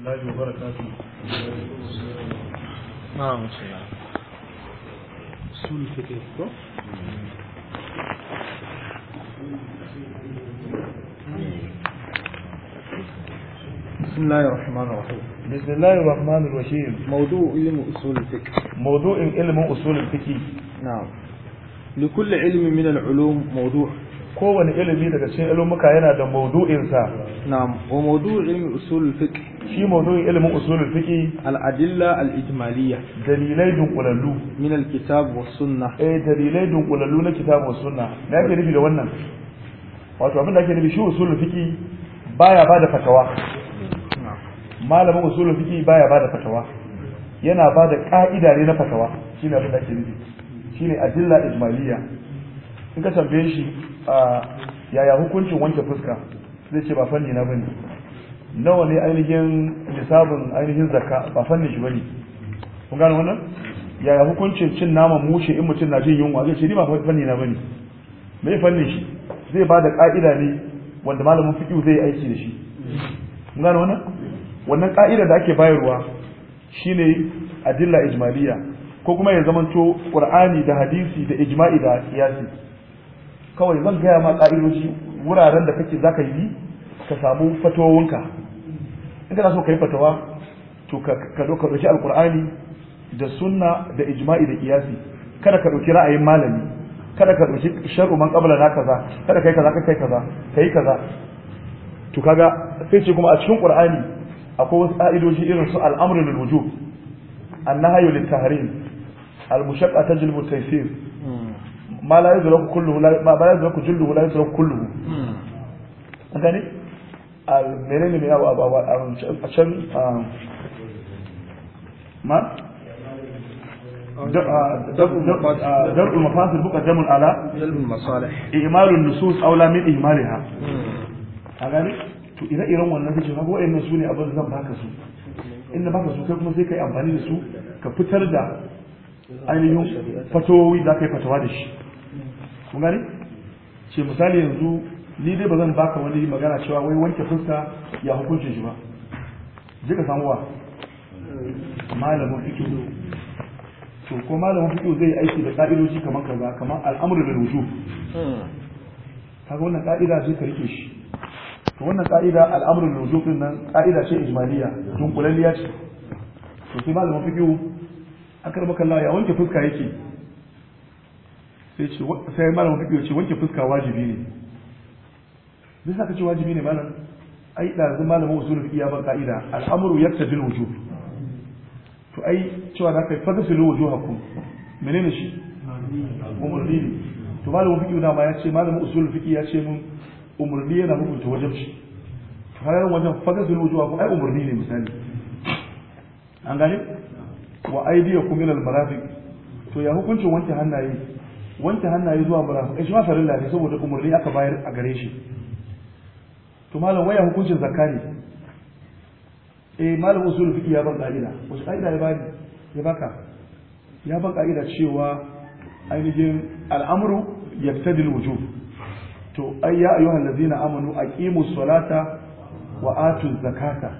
الله وبركاته نعم أصول الفقه بسم الله الرحمن الرحيم بسم الله الرحمن الرحيم موضوع علم اصول الفقه موضوع علم اصول الفقه نعم لكل علم من العلوم موضوع kowane ilimi daga cikin ilmuka yana da maudu'insa na'am wa maudu'in usul fiqh shi mawdu'in ilimin usulul fiqi al adilla al ijmaliyya dalilai dunkulallu min al kitab wa sunnah eh dalilai dunkulallu na kitab wa sunnah me ake nufi da wannan wato abin da ake nufi shi usulul fiqi baya bada fatawa malamin usulul fiqi baya bada fatawa yana bada ka'ida ne na fatawa shine abin da ake nufi shine adilla ijmaliyya in ka tambaye shi ah, yaya hukuncin wanke fuska zai ce ba fanni na bane nawa ne ainihin lissafin ainihin zakka ba fannin shi bane kun gane wannan yaya hukuncin cin naman mushe in mutum na jin yunwa zai ce ni ba fanni na bane me fannin shi zai ba da ka'ida ne wanda malamin fiqh zai aiki da shi kun gane wannan wannan ka'ida da ake bayarwa shine adilla ijmaliya ko kuma ya zamanto qur'ani da hadisi da ijma'i da qiyasi kawai zan gaya ma ka'idoji wuraren da kake zaka yi ka samu fatowunka in kana so ka yi fatawa to ka zo ka ɗauki alƙur'ani da sunna da ijma'i da kiyasi kada ka ɗauki ra'ayin malami kada ka ɗauki shar'u man qabla na kaza kada kai kaza kai kaza kai kaza to kaga sai ce kuma a cikin ƙur'ani akwai wasu ka'idoji irin su al'amru lil wujub annahyu lit tahrim al mushaqqa tajlibu taysir ma la yuzraku kulluhu ma la yuzraku julluhu la yuzraku kulluhu hmm. an gane a menene mai abu abu a can ma درء المفاصل مقدم على جلب المصالح إهمال النصوص أولى من إهمالها أغاني to ire iren wannan kace abin zan baka su in baka su kai kuma sai kai amfani da su ka fitar da ainihin fatowi za ka yi fatawa da shi kun gani ce misali yanzu ni dai ba zan baka wani magana cewa wai wanke fuska ya hukunce shi ba je ka samu malamin fikiru to ko malamin fikiru zai aiki da ka'idoji kamar kaza kamar da bil wujub kaga wannan ka'ida zai ka rike shi to wannan ka'ida al'amru da rujo din nan ka'ida ce ijmaliya dunkulaliya ce to sai malamin fikiru akar maka Allah ya wanke fuska yake sai sai malamin fiqh ce wanke fuska wajibi ne duk saka ce wajibi ne malam ai ɗazin malamin usulul fiqh ya ban ka'ida al'amru yaktabi al-wujub to ai cewa da kai fagasilu wujuhakum menene shi umurdi to malamin fiqh na ma ya ce malamin usulul fiqh ya ce mun umurdi yana hukunta wajibi shi to har yaron wajen fagasilu wujuhakum ai umurdi ne misali an gane wa aydiyakum min al-marafiq to ya hukuncin wanke hannaye wanke hannaye zuwa marafiq shi ma farilla ne saboda umurni aka bayar a gare shi malam waya hukuncin zakari ne eh malam usul fiqh ya ban ka'ida wasu ka'ida ya bani ya baka ya ban ka'ida cewa ainihin al'amru yaqtadi al-wujub to ai ya ayyuhal ladzina amanu aqimus salata wa atu zakata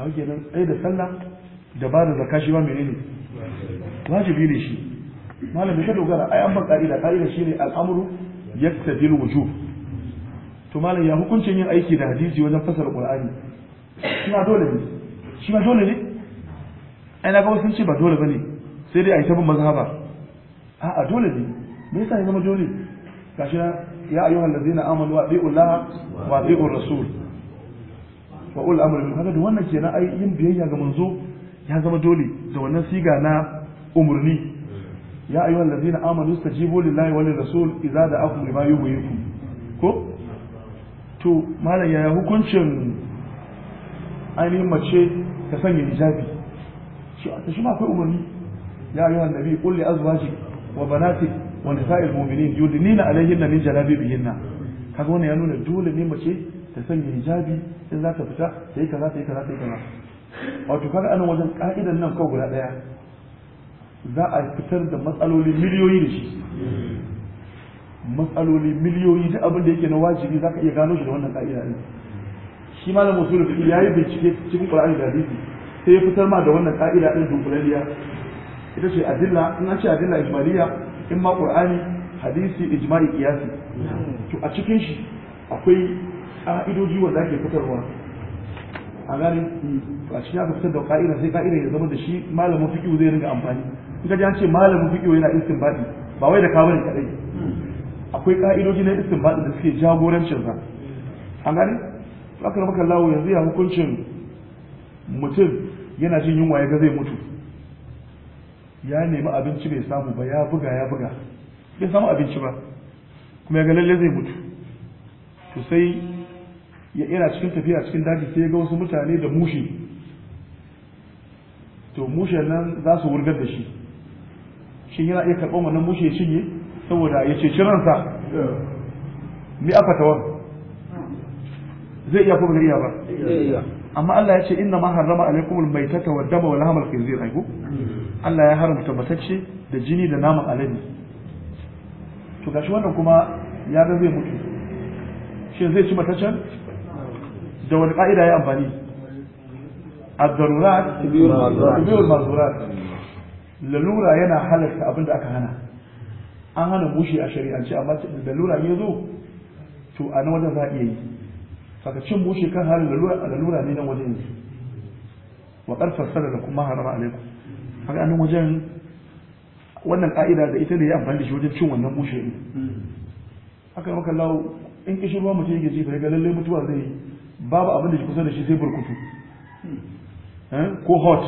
haka kenan ai da sallah da ba da zakashi ba menene wajibi ne shi malam ya dogara ai an ban ka'ida ka'ida shine al'amru yaqtadi al-wujub to malam ya hukuncin yin aiki da hadisi wajen fasara qur'ani ma dole ne shi ma dole ne ai na ga wasu ce ba dole bane sai dai a yi ta bin a a'a dole ne me yasa ya zama dole gashi ya ayyuhal ladzina amanu wa bi'u Allah wa bi'u rasul wa ul amr bil hada wannan kenan ai yin biyayya ga manzo ya zama dole da wannan siga na umurni ya ayyuhal ladzina amanu istajibu lillahi wa lir rasul idza da'akum lima yuhyikum to malam yaya hukuncin ainihin mace ta sanya hijabi shi a tashi akwai umarni ya ayyuhan nabi kulle li wa banatik wa nisa'il mu'minin yudnina alayhinna min jalabibihinna kaga wannan ya nuna dole ne mace ta sanya hijabi in za ta fita ta yi kaza ta yi kaza ta yi kaza wato kaga anan wajen ka'idan nan kawai guda daya za a fitar da matsaloli miliyoyi da shi matsaloli miliyoyi da abin da yake na wajibi za ka iya gano shi da wannan ka'ida ɗin shi malam da ya yi bincike cikin ƙwararri da hadisi sai ya fitar ma da wannan ka'ida ɗin dunkulaliya ita ce adilla in an ce adilla ijmaliya in ma ƙwararri hadisi ijma'i kiyasi. to a cikin shi akwai ka'idoji wanda ake fitarwa a gane a cikin aka fitar da ka'ida sai ka'ida ya zama da shi malamin fiqh zai ringa amfani in ka ji an ce malamin fiqh yana istinbadi ba wai da ka kaɗai. akwai ka'idoji na ba da suke jagorancin sa an gane aka rama lawo yanzu ya hukuncin mutum yana jin yunwa ya ga zai mutu ya nemi abinci bai samu ba ya buga ya buga bai samu abinci ba kuma ya ga lalle zai mutu to sai ya ira cikin tafiya cikin daji sai ya ga wasu mutane da mushi to mushe nan za su wurgar da shi shi yana iya karɓar wannan mushe ya cinye saboda ya ceci ransa mi aka tawar zai iya kuma iya ba amma Allah ya ce inna ma harrama alaikum almaitata wa dama wa lahmal khinzir aiku Allah ya haramta matacce da jini da naman alami. to gashi wannan kuma ya ga zai mutu shin zai ci mataccen da wani ka'ida ya amfani ad-darurat tibiyul mazurat lalura yana halarta abinda aka hana an hana mushi a shari'ance amma da lura ya zo to a nan wajen za a iya yi saka cin mushi kan halin da lura ne nan wajen yanzu wa karfar sada da kuma harama alaikum haka nan wajen wannan ka'ida da ita ne ya amfani da shi wajen cin wannan mushi ne haka maka lawo in kishi ruwa mutum yake ji fa ga lalle mutuwa zai yi babu abin da kusa da shi sai burkutu eh, ko hot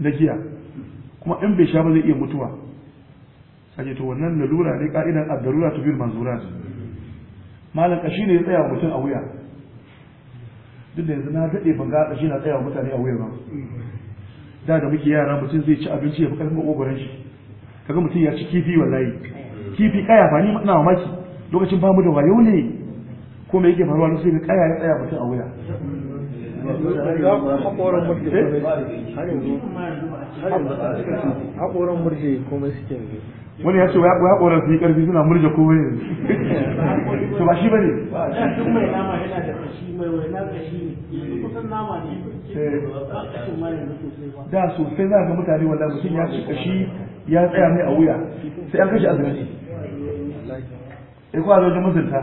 na giya kuma in bai sha ba zai iya mutuwa kaje to wannan lalura ne ka'idan ad-darura bil manzurat malam kashi ne ya tsaya mutum a wuya duk da yanzu na daɗe ban ga kashi na tsaya mutane a wuya ba da ga muke yara mutum zai ci abinci ya fi ƙarfin ƙoƙarin shi kaga mutum ya ci kifi wallahi kifi kaya ba ni ina mamaki lokacin ba mu da wayo ne ko me yake faruwa lokacin da kaya ya tsaya mutum a wuya haƙoran murje komai suke ne wani ya ce wa ya su yi karfi suna murje komai yanzu to ba shi bane ba shi mai nama yana da kashi mai kashi ne kusan nama ne eh. da sosai za ga mutane wallahi mutum ya ci kashi ya tsaya mai a wuya sai an kashe azumi sai ko a zo mutunta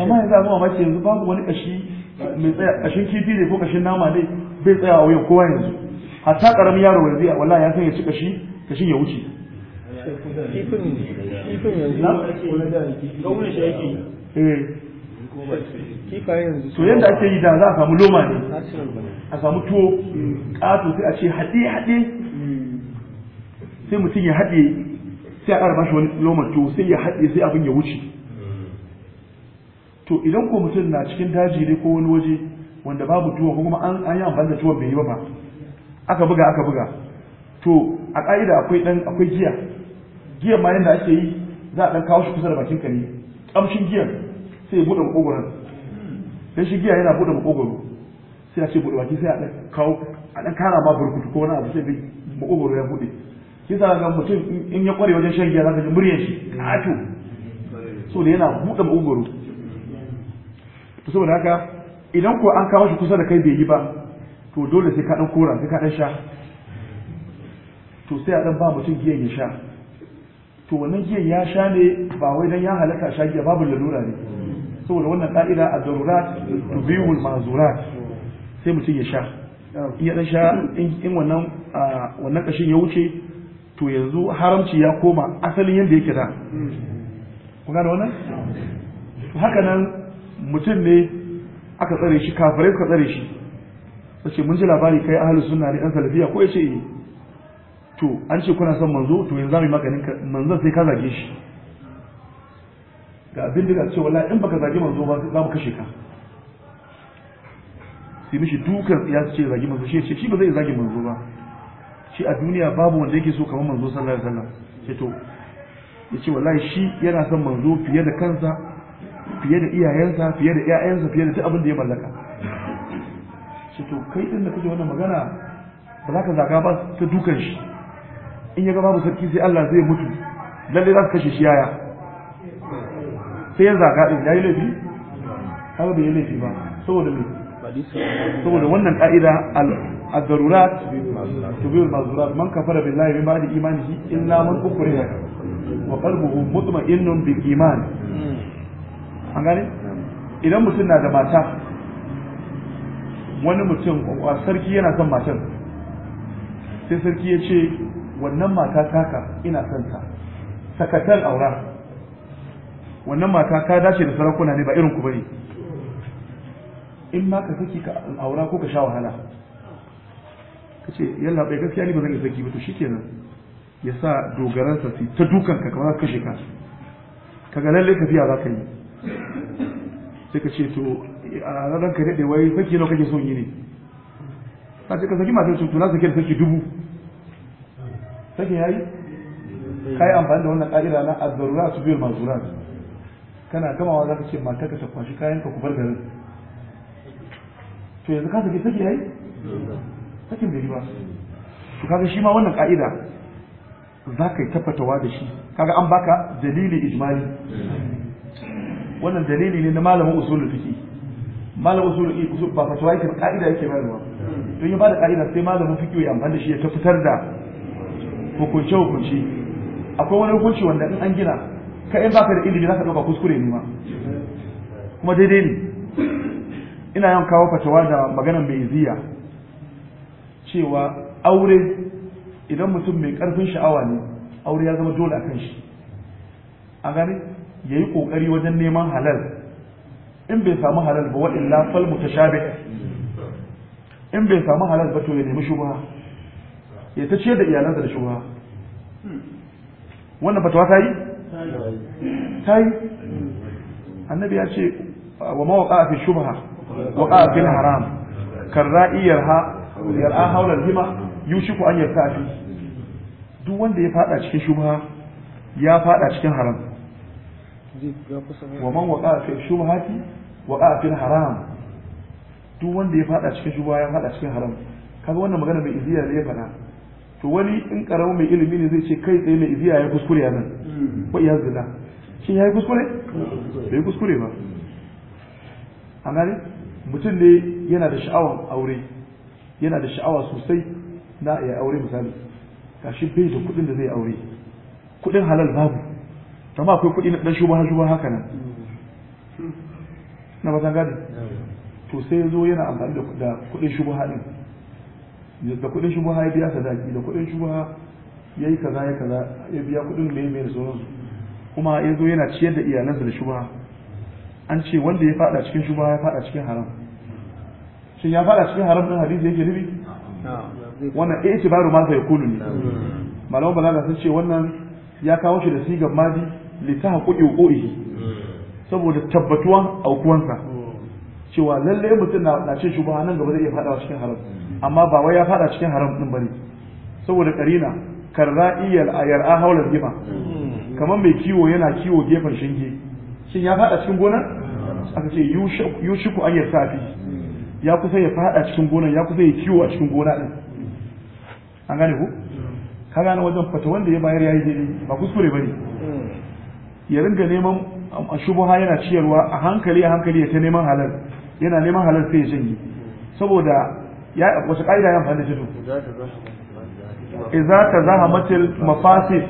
amma yanzu abuwa mace yanzu babu wani kashi mai tsaya kashin kifi ne ko kashin nama ne bai tsaya a wuyan kowa yanzu hatta karamin yaro yanzu wallahi ya san ya ci kashi kashin ya wuce kifin kifin yanzu to yadda ake yi da za a samu loma ne a samu tuwo mm. ƙato sai a ce haɗe haɗe mm. sai mutum ya haɗe sai a ƙara bashi wani loman, tuwo sai ya haɗe sai abin ya wuce mm. to idan ko mutum na cikin daji ne ko wani waje wanda babu tuwo ko kuma an yi amfani da tuwon bai yi ba aka buga aka buga to a ƙa'ida akwai ɗan akwai giya giyan ma yadda ake yi za a ɗan kawo shi kusa da bakin kare ƙamshin giyan sai ya buɗe makogoron dan shi giya yana buɗe makogoro sai a ce buɗe baki sai a ɗan kawo a ɗan kara ma burkutu ko wani abu sai bai makogoro ya buɗe shi za ga mutum in ya ƙware wajen shan giya za ka ji muryan shi ƙato so da yana buɗe makogoro to saboda haka idan ko an kawo shi kusa da kai bai yi ba to dole sai ka ɗan kora sai ka ɗan sha to sai a ɗan ba mutum giyan ya sha to wannan giya ya sha ne ba wai dan ya halaka sha giya babu lalura ne saboda wannan ka'ida a darurat tubiwul mazurat sai mutum ya sha ya dan sha in wannan wannan kashin ya wuce to yanzu haramci ya koma asalin yanda yake da kun gane wannan haka nan mutum ne aka tsare shi kafirai ka tsare shi sace mun ji labari kai ahlus sunna ne dan salafiya ko yace eh to an ce kuna son manzo to yanzu zamu yi maganin manzon sai ka zage shi ga abin da ce wallahi in baka zage manzo ba za mu kashe ka sai mishi dukan ya ce zage manzo shi ce shi ba zai zage manzo ba shi a duniya babu wanda yake so kamar manzo sallallahu alaihi wasallam ce to yace wallahi shi yana son manzo fiye da kansa fiye da iyayensa fiye da iyayensa fiye da duk abin da ya mallaka ce to kai din da kake wannan magana ba za ka zaga ba ta dukan shi in ya ga babu sarki sai Allah zai mutu lalle za su kashe shi yaya sai ya zaga din yayi laifi har bai yi laifi ba saboda me saboda wannan ka'ida al-darurat tubiyul mazurat man kafara billahi min ba'di imanihi illa man ukriha wa qalbuhu mutma'innun bi iman an gane idan mutum na da mata wani mutum sarki yana son matan sai sarki ya ce wannan mata taka ina son ta sakatar aura wannan mata ka dace da sarakuna ne ba irin ku bane in ma ka saki ka aura ko ka sha wahala ka ce yalla bai gaskiya ne ba zan yi saki ba to shikenan ya sa dogaransa su ta dukan ka kamar kashe ka ka ga lalle ka biya za ka yi sai ka ce to a ranar ka daɗe wai saki nawa kake son yi ne ta ce ka saki matar su to na saki da saki dubu sakin yayi kai amfani da wannan ka'ida na ad su biyu mazurat kana gamawa za ka ce mata ka kwashi kayan ka ku da garin to yanzu ka saki saki yayi sakin bai riba ba to kaga shi ma wannan ka'ida za ka yi tabbatawa da shi kaga an baka dalili ijmali wannan dalili ne na malamin usulul fiqi malamin usulul fiqi ba fatawa yake ka'ida yake bayarwa don ya bada ka'ida sai malamin fiqi ya amfani da shi ya tabbatar da hukunce hukunce akwai wani hukunci wanda in an gina ka in baka da ilimi za ka dauka kuskure ne ma kuma daidai ne ina yawan kawo fatawa da maganar mai ziya cewa aure idan mutum mai karfin sha'awa ne aure ya zama dole a kan shi a gani ya yi ƙoƙari wajen neman halal in bai samu halal ba wa'illa lafal mutashabi in bai samu halal ba to ya nemi shubha ya ta ciyar da iyalansa da shugaba wannan fatawa ta yi ta yi annabi ya ce wa mawaka fi shubha wa fil haram kan ra'iyar ha yar'a haular hima yushiku an yarta fi duk wanda ya fada cikin shubha ya fada cikin haram wa man waqa fi shubhati a fil haram duk wanda ya fada cikin shubha ya fada cikin haram kaga wannan magana mai iziya da ya faɗa. to wani in karamu mai ilimi ne zai ce kai tsaye mai iziya ya kuskure a nan ko mm. iya zina shi ya yi kuskure bai kuskure ba a gani mutum ne yana da sha'awar aure yana da sha'awa sosai na ya aure misali shi bai da kuɗin da zai aure kuɗin halal babu amma akwai kuɗi na dan shubaha shubaha haka nan mm. na ba gani to sai ya zo yana amfani da kuɗin shubaha haɗin. da kudin shubuha ya biya sadaki da kudin shubuha ya yi kaza ya kaza ya biya kudin da ya mai da sauransu kuma ya zo yana ciyar da iyalansa da shubuha an ce wanda ya fada cikin shubuha ya fada cikin haram shin ya fada cikin haram din hadisi yake nufi wannan eh ce baro ma sai kullu ne malaman balaga sun ce wannan ya kawo shi da sigar mazi li ta haƙuƙi saboda tabbatuwan aukuwansa cewa lallai mutum na cin shubuha nan gaba zai iya fada cikin haram amma ba wai ya fada cikin haram din bane saboda karina karra'iyal ayar a haula gima kamar mai kiwo yana kiwo gefen shinge shin ya fada cikin gonar aka ce yushiku an yar safi ya kusa ya fada cikin gonar ya kusa ya kiwo a cikin gona din an gane ku ka gane wajen fata wanda ya bayar yayi daidai ba kuskure bane ya ringa neman um, shubuha yana ciyarwa a hankali a hankali ya ta neman halal yana neman halal sai ya janye saboda ya wasu ƙa'ida ya amfani da shi su idza tazahamatil mafasid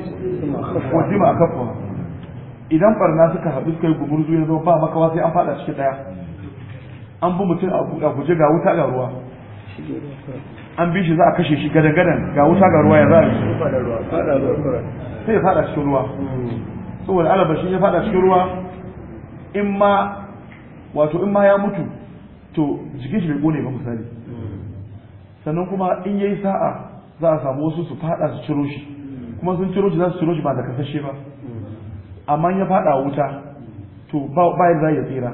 wajima kafa idan barna suka haɗu kai yi gumurzu ya zo ba makawa sai an faɗa cikin ɗaya an bi mutum a guje ga wuta ga ruwa an bi shi za a kashe shi gadan gadan ga wuta ga ruwa ya za a yi sai ya faɗa cikin ruwa saboda alaba shi ya faɗa cikin ruwa in ma wato in ma ya mutu to jikin shi bai kone ba misali sannan kuma in yayi sa'a za a samu wasu su fada su ciro shi kuma sun ciro shi za su ciro shi ba da kasashe ba amma ya fada wuta to ba yadda ya tsira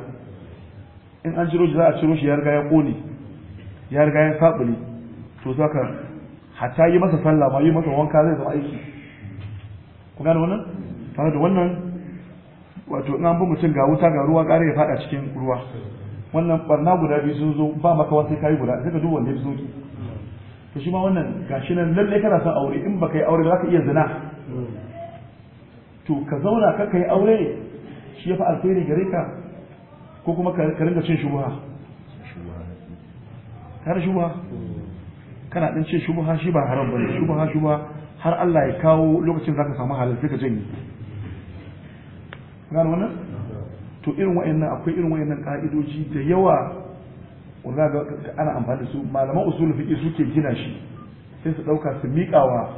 in an ciro shi za a ciro shi ya riga ya kone ya riga ya sabule to saka hatta yi masa sallah ma yi masa wanka zai zama aiki ku gane wannan tare da wannan wato in an bi mutum ga wuta ga ruwa ƙara ya fada cikin ruwa wannan barna guda biyu sun zo ba makawa sai kayi guda sai ka duba wanda ya soki to shi ma wannan gashi nan lalle kana son aure in baka yi aure za ka iya zina to ka zauna ka kai aure shi ya fi alheri gare ka ko kuma ka ringa cin shubuha har shubuha kana din cin shubuha shi ba haram bane shubuha shubuha har Allah ya kawo lokacin zaka samu halal sai ka janye gano wannan to irin wa'annan akwai irin wa'annan ka'idoji da yawa wanda ga ana amfani da su malaman usulul fiqh suke gina shi sai su dauka su miƙawa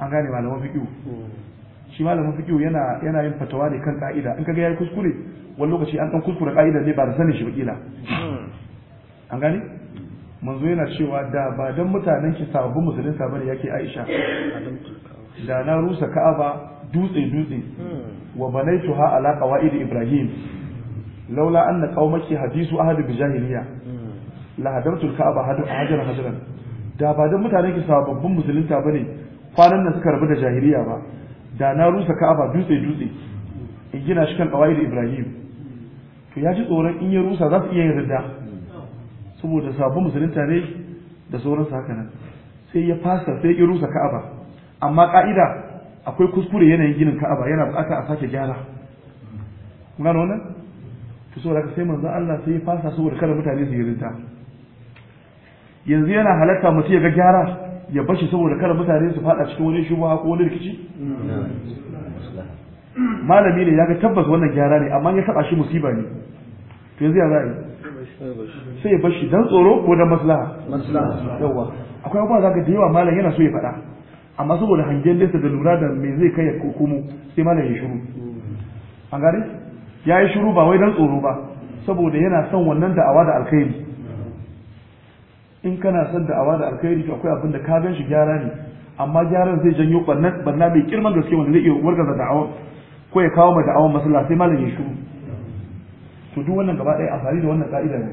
an gane malaman fiqh shi malamin fiqh yana yana yin fatawa ne kan ka'ida in kaga yayi kuskure wani lokaci an dan kuskure ka'ida ne ba da sanin shi ba kila an gane manzo yana cewa da ba dan mutanen ki sabbin musulunta bane yake Aisha da na rusa Ka'aba dutse dutse hmm. wa banaituha ala qawaid ibrahim laula anna qaumaki hadisu ahad bi jahiliya hmm. la Ka'aba al-ka'aba hajaran hajaran da ba dan mutane ki sababbin musulunta bane kwanan nan suka rabu da jahiliya ba da na rusa ka'aba dutse dutse in gina shi kan qawaid ibrahim to ya ji tsoron in ya rusa za su iya yin ridda saboda sababbin musulunta ne da sauransu haka nan sai ya fasa sai ya rusa ka'aba amma ka'ida akwai kuskure yanayin ginin ka'aba yana bukata a sake gyara Kuna na wannan to saboda sai manzon Allah sai ya fasa saboda kada mutane su rinta. yanzu yana halatta mutum ya ga gyara ya bashi saboda kada mutane su fada cikin wani shubha ko wani rikici malami ne ya ga tabbas wannan gyara ne amma ya taba shi musiba ne to yanzu ya za sai ya bashi dan tsoro ko dan maslaha maslaha yawa akwai abubuwa zaka da yawa malam yana so ya faɗa amma saboda hangen nesa da lura da me zai kai ya komo sai malam ya shiru an gane ya yi shiru ba wai dan tsoro ba saboda yana son wannan da'awa da alkhairi in kana son da'awa da alkhairi to akwai abin da ka gan shi gyara ne amma gyaran zai janyo barna barna mai kirman gaske wanda zai iya wargaza da'awa ko ya kawo ma da'awan masallah sai malam ya shiru to duk wannan gaba ɗaya amfani da wannan ka'ida ne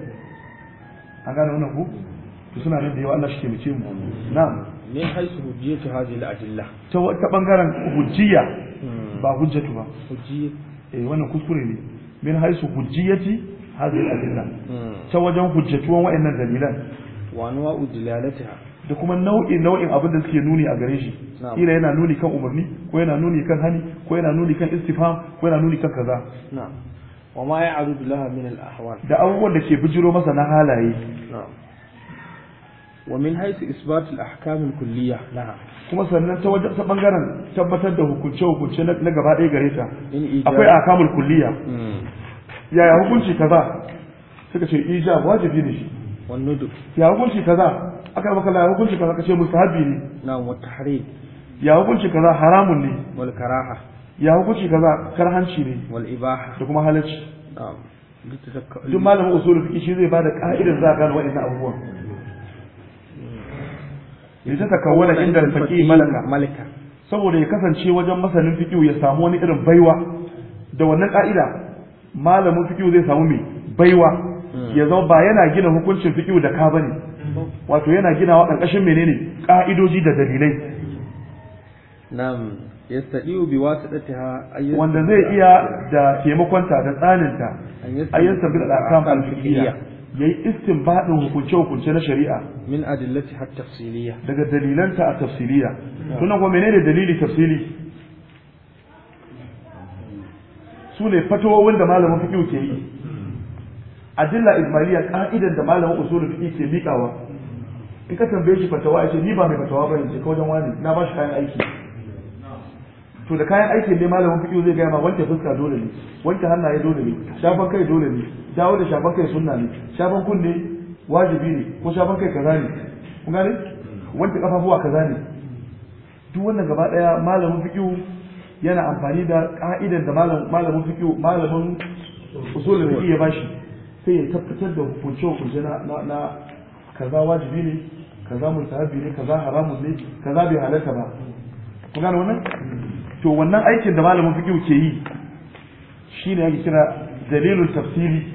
an gane wannan ku to suna nan da yawa Allah shi ke mu na'am min haisu hujjiyatu hadhihi al-adilla ta ta bangaren hujjiya hmm. ba hujjatu ba hujjiya eh wannan kuskure ne min haisu hujjiyati hadhihi al-adilla hmm. ta wajen hujjatuwan wayannan dalilan wa anwa'u dilalatiha da kuma nau'in nau'in abin da suke nuni a gare shi ila yana nuni kan umarni ko yana nuni kan hani ko yana nuni kan istifham ko yana nuni kan kaza na'am wa ma ya'rudu laha min al-ahwal da abubuwan da ke bijiro masa na halaye na'am wa min haisu isbatul ahkamul kulliyya kuma sannan ta wajen ta bangaren tabbatar da hukunce hukunce na gaba ɗaya gare ta akwai ahkamul kulliyya hmm. yaya hukunci kaza suka ce ijab wajibi ne shi wannudu hukunci kaza aka maka la hukunci kaza kace mustahabi ne na'am wa tahrim hukunci kaza haramun ne wal hukunci kaza karhanci ne da kuma duk malamin usulul shi zai bada ka'idar za a gano wa'annan abubuwan litatakawwana inda al malaka malaka saboda ya kasance wajen masanin fiqh ya samu wani irin baiwa da wannan ka'ida malamin fiqh zai samu mai baiwa hmm. ya zama ba yana gina hukuncin fiqh da ka bane wato yana ginawa ƙarƙashin menene ka'idoji da dalilai na'am yastadiu bi wasitatiha wanda zai iya da taimakonta da tsaninta ayyansa bil ahkam al-fiqhiyya yayi istinbadin hukunce hukunce na shari'a min adillati hat tafsiliya daga dalilanta a tafsiliya sunan kuma menene dalili tafsili su ne fatawowin da malamin fiqh ke yi adilla ismailiya ka'idan da malamin usul fiqh ke miƙawa in ka tambaye shi fatawa ya ce ni ba mai fatawa ba ne ka wajen wani na ba shi kayan aiki to da kayan aiki ne malamin fiqh zai gaya ma wanke fuska dole ne wanke hannaye dole ne shafan kai dole ne dawo da shafan kai sunna ne shafan kunne wajibi ne ko shafan kai kaza ne kun gane wanda kafafuwa kaza ne duk wannan gaba daya malamin fiqhu yana amfani da ka'idar da malamin fiqhu malamin usulul fiqh ya bashi sai ya tabbatar da hukunce hukunce na na kaza wajibi ne kaza mutahabbi ne kaza haramun ne kaza bai halatta ba kun gane wannan to wannan aikin da malamin fiqhu ke yi shine yake kira dalilul tafsiri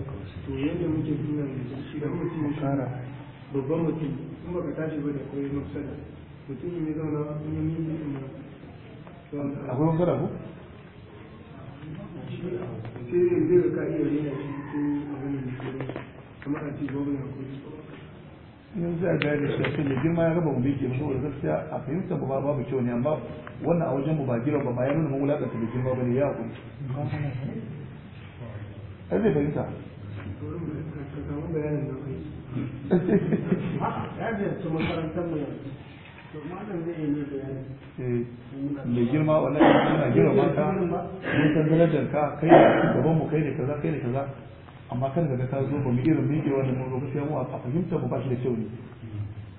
to yadda muke tunan da shi da mutum babban mutum in ka tashi ba da koyi mafsada mutum ne zauna in yi minti in akwai mafsada ko sai zai ka iya rena shi ko abin da ke kamar a ce gwamna ko yanzu a gari da shi ne girma ya raba umbi ke saboda gaskiya a fahimta ba babu kyau ne amma wannan a wajen mu ba giran ba ba nuna mun wulakanta da girma ba ne ya hakuri ai zai fahimta mai girma wannan yana girma ka mun san darajar ka kai da gaban mu kai da kaza kai da kaza amma kan daga ka zo ba mu irin miƙe wannan mun rubuta mu a fahimta mu ba shi da kyau ne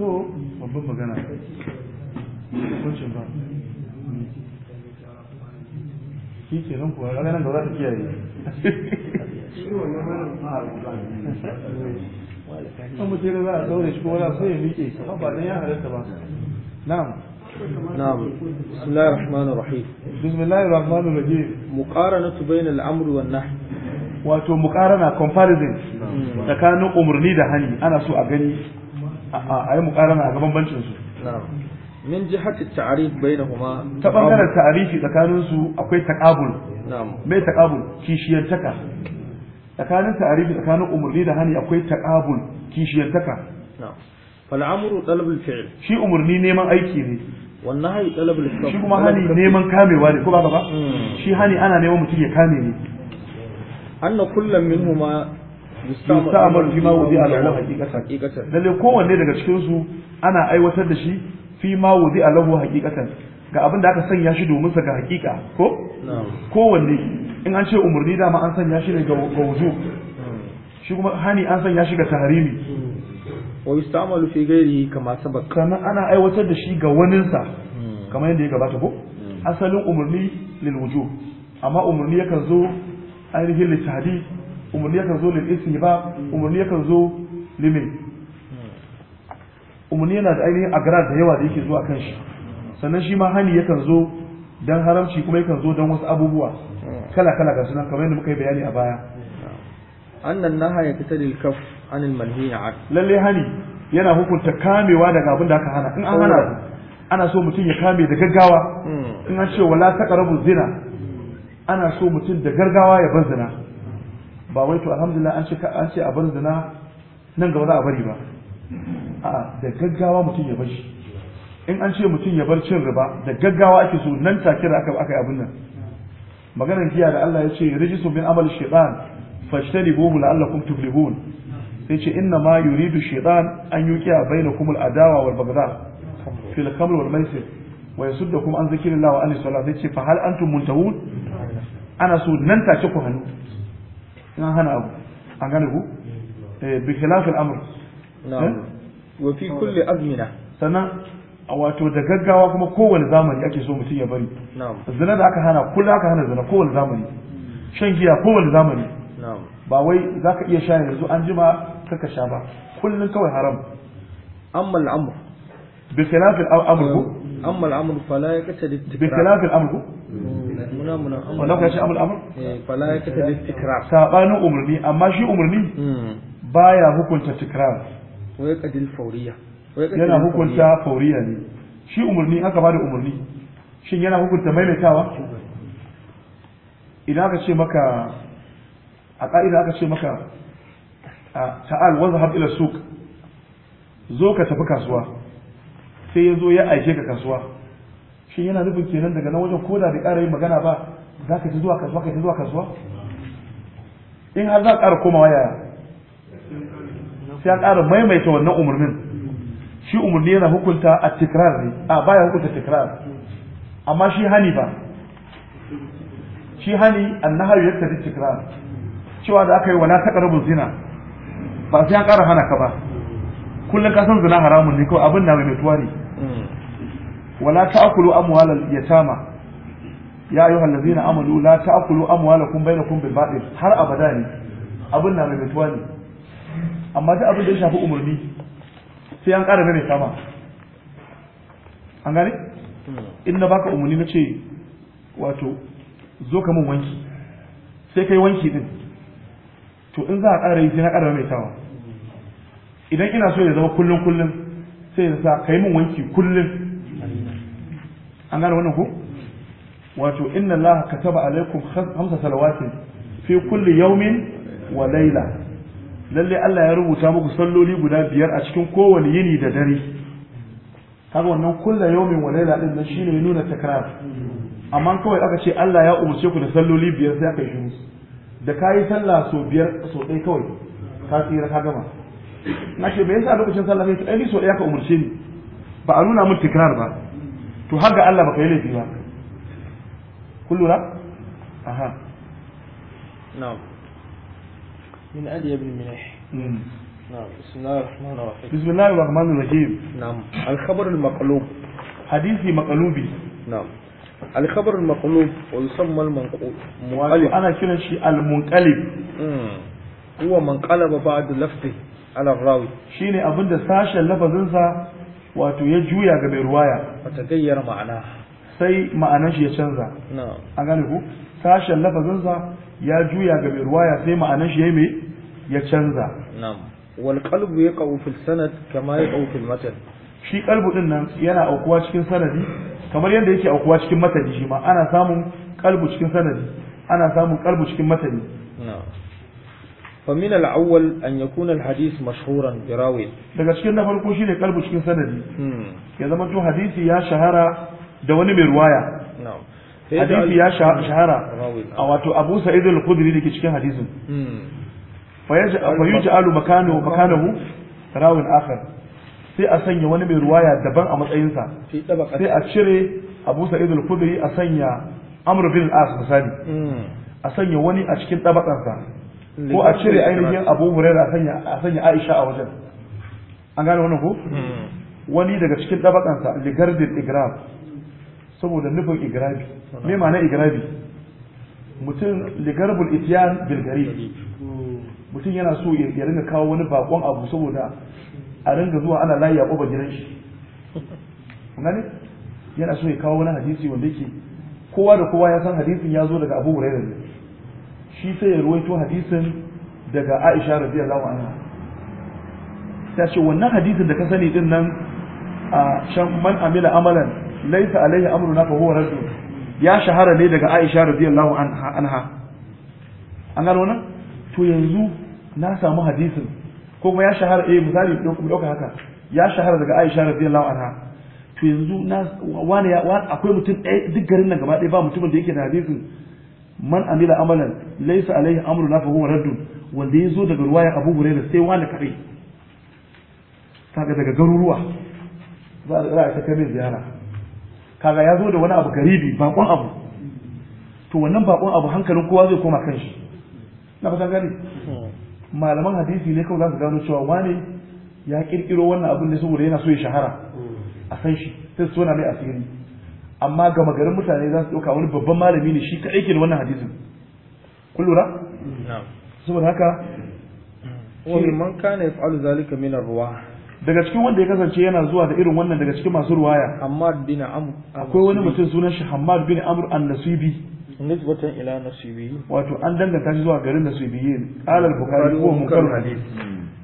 so babban magana hukuncin ba shi ke nan kuwa da za ta kiyaye ba a shi ba don ya halatta ba na'am wato comparison tsakanin umarni da hani ana so a gani a yi mukarana a gaban bancin su min jihati ta'rif bainahuma ta bangaren ta'arifi tsakanin su akwai taqabul na'am me taqabul kishiyar taka tsakanin ta'arifi tsakanin umurni da hani akwai taqabul kishiyar taka na'am fal amru talabul fi'l shi umurni neman aiki ne wannan hani talabul fi'l shi kuma hani neman kamewa ne ko ba ba hmm. shi hani ana neman mutum ya kame ne anna kullum minhuma yusta'malu fi ma wudi'a lahu haqiqatan lalle kowanne daga cikin su ana aiwatar da shi fi ma wudi'a lahu haqiqatan ga abin da aka sanya shi domin sa ga haqiqa ko kowanne in an ce umurni dama an sanya shi ne ga wuzu shi kuma hani an sanya shi ga tahrimi wa yusta'malu fi ghairihi kama sabab kana ana aiwatar da shi ga sa kamar yadda ya gabata ko asalin umurni lil wujub amma umurni yakan zo ainihin litahdid umarni yakan zo lil istihbab umarni yakan zo limin umarni yana da ainihin agrar da yawa da yake zuwa kan shi sannan shi ma hani yakan zo dan haramci kuma yakan zo dan wasu abubuwa kala kala ga sunan kamar yadda muka yi bayani a baya annan naha ya fita lil kaf anil manhi an lalle hani yana hukunta kamewa daga abin da aka hana in an hana ana so mutum ya kame da gaggawa hmm. in an ce wala taqrabu zina ana so mutum da gaggawa ya bar zina ba wai to alhamdulillah an ce an ce a bar zina nan gaba za a bari ba a da gaggawa mutum ya bar shi in an ce mutum ya bar cin riba da gaggawa ake so nan take da aka aka yi abin nan maganar giya da Allah ya ce rijisu min amal shaytan fajtanibuhu la'allakum tuflihun sai ce inna ma yuridu shaytan an yuqiya bainakum al-adawa wal baghdha fil khamr wal maisir wa yasuddakum an zikrillah wa an salat sai ce fa hal antum muntahun ana so nan take ku hannu in an hana abu an gane ku eh, bi khilafil amr eh? wa fi kulli azmina sannan a wato da gaggawa kuma kowane zamani ake so mutum ya bari zina da aka hana kullum aka hana zina kowane zamani shan giya kowane zamani ba wai za ka iya sha yanzu an jima kaka sha ba kullum kawai haram amma muna muna amul amr eh, fala ya kita tikrar sabanin umarni amma shi umarni hmm. baya hukunta tikrar wai kadil fauriya yana hukunta fauriya ne shi umarni aka bada umarni shin yana hukunta maimaitawa idan aka ce maka a ƙa'ida aka ce maka ta'al wanzu har ila suk zo ka tafi kasuwa sai ya zo ya aike ka kasuwa shi yana nufin kenan daga nan wajen koda da ƙara yin magana ba za ka ci zuwa kasuwa ka ci zuwa kasuwa in har za a ƙara komawa yaya sai a ƙara maimaita wannan umarnin shi umarni yana hukunta a tikrar ne a baya hukunta tikrar amma shi hani ba shi hani annahayu ya tafi tikrar cewa da aka yi wala karabin zina ba sai an ƙara hana ka ba kullum ka san zina haramun ne kawai abin na mai mutuwa ne wala ta'kulu amwalal yatama ya ayyuha allazina amanu la ta'kulu amwalakum bainakum bil batil har abada ne abin na mai tuwa ne amma duk abin da ya shafi umarni sai an ƙara mai sama an gane in na baka umarni na ce wato zo ka min wanki sai kai wanki din to in za a ƙara yi sai na ƙara mai sama idan ina so ya zama kullum kullum sai ya ka yi min wanki kullum an gane wannan ku wato inna allaha kataba alaikum khamsa salawatin fi kulli yawmin wa layla lalle Allah ya rubuta muku salloli guda biyar a cikin kowane yini da dare kaga wannan kulli yawmin wa layla din nan shine ya nuna takrar amma kawai aka ce Allah ya umarce ku da salloli biyar sai aka yi da kai sallah so biyar so ɗaya kawai ka tsira ka gama na ce bai yasa lokacin sallah sai ai so ɗaya ka umarce ni ba a nuna mun tikrar ba to har ga Allah baka yi laifi ba kun lura aha na'am min ali, ibn minah hmm. na'am bismillahir rahmanir rahim na'am al khabar al maqlub hadisi maqlubi na'am al khabar al maqlub ana kiran shi al munqalib hmm. huwa man shine abinda sashen lafazinsa wato ya juya ga mai ruwaya wata gayyar ma'ana sai ma'anar shi ya canza an gane ku sashen lafazinsa ya juya ga mai ruwaya sai ma'anar shi ya mai ya canza wal qalbu yaqau fil sanad kama yaqau fil matan shi qalbu din nan yana aukuwa cikin sanadi kamar yadda yake aukuwa cikin matan shi ma ana samun qalbu cikin sanadi ana samun qalbu cikin matani فمن الأول أن يكون الحديث مشهورا براوي daga cikin na farko shine kalbu cikin sanadi hmm. ya zama to hadisi ya shahara da wani mai ruwaya hadisi ya shahara a wato Abu Sa'id al-Khudri dake cikin hadisin hmm. fa yaj'alu makanahu makanahu rawin akhar sai a sanya wani mai ruwaya daban a matsayinsa sai a cire Abu Sa'id al-Khudri a sanya Amr bin al-As misali hmm. a sanya wani a cikin tabakansa ko a cire ainihin abu huraira a sanya aisha a wajen an gane wannan ko hmm. wani daga cikin ɗabakansa ligardin igrab saboda nufin igrabi me ma na igrabi mutum ligarbul itiyan bilgari mutum yana so ya ringa kawo wani bakon abu saboda a ringa zuwa ana layi a ƙoba gidan shi gani yana so ya kawo wani hadisi wanda yake kowa da kowa ya san hadisin ya zo daga abu hurairah ne shi sai ya ruwaito hadisin daga Aisha radiyallahu anha ta ce wannan hadisin da ka sani din nan a shan man amila amalan laisa alaihi amruna fa huwa rajul ya shahara ne daga Aisha radiyallahu anha an gano nan to yanzu na samu hadisin ko kuma ya shahara eh misali mu dauka haka ya shahara daga Aisha radiyallahu anha to yanzu na wani akwai mutum ɗaya duk garin nan gaba ɗaya ba mutumin da yake da hadisin man amila amalan laysa alaihi amruna fa huwa raddun wanda ya zo daga ruwaya abu hurairah sai wani kare. kaga daga garuruwa za a ta kai ziyara kaga ya zo da wani abu garibi bakon abu to wannan bakon abu hankalin kowa zai koma kan shi na fatan gani malaman hadisi ne kawai za su gano cewa wani ya kirkiro wannan abin ne saboda yana so ya shahara a san shi sai su tona mai asiri amma ga magarin mutane za su ɗauka wani babban malami ne shi kaɗai ke da wannan hadisin kun lura saboda haka wani man kana ya fa'alu zalika min ruwa daga cikin wanda ya kasance yana zuwa da irin wannan daga cikin masu ruwaya bin Amr akwai wani mutum sunan shi hamad bin Amr an-Nasibi nisbatan ila Nasibi wato an danganta shi zuwa garin Nasibiyin qala al-Bukhari ko munkar hadith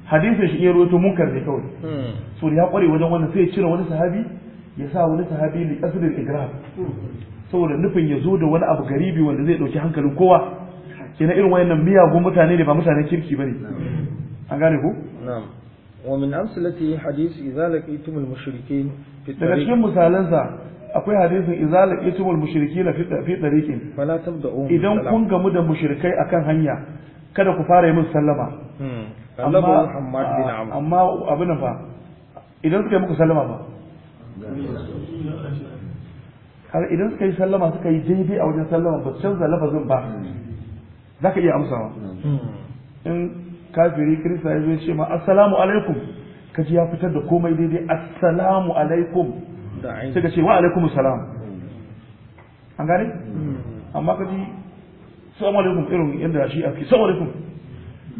hadisin shi ya rawaito munkar ne kawai hmm. so ya kware wajen wannan sai ya cire wani sahabi ya sa wani sahabi li qasdil igrab saboda nufin ya zo da wani abu garibi wanda zai ɗauki hankalin kowa kenan irin wayannan miyagun mutane ne ba mutanen kirki bane an gane ko na'am wa min amsalati hadith idza laqitum al-mushrikeen daga cikin misalansa akwai hadisin idza laqitum al-mushrikeena fi fi tariqin fala tabda'u idan kun gamu da mushrikai akan hanya kada ku fara musu sallama hmm. amma amma abin fa idan suka yi muku sallama ba har idan suka yi sallama suka yi daidai a wajen sallama ba canza lafazin ba za ka iya amsawa hmm. in kafiri kirista ya zo ce ma assalamu alaikum ka ji ya fitar da komai daidai assalamu alaikum sai ka ce wa alaikum salam an gane hmm. amma ka ji salamu alaikum irin yadda shi a fi salamu alaikum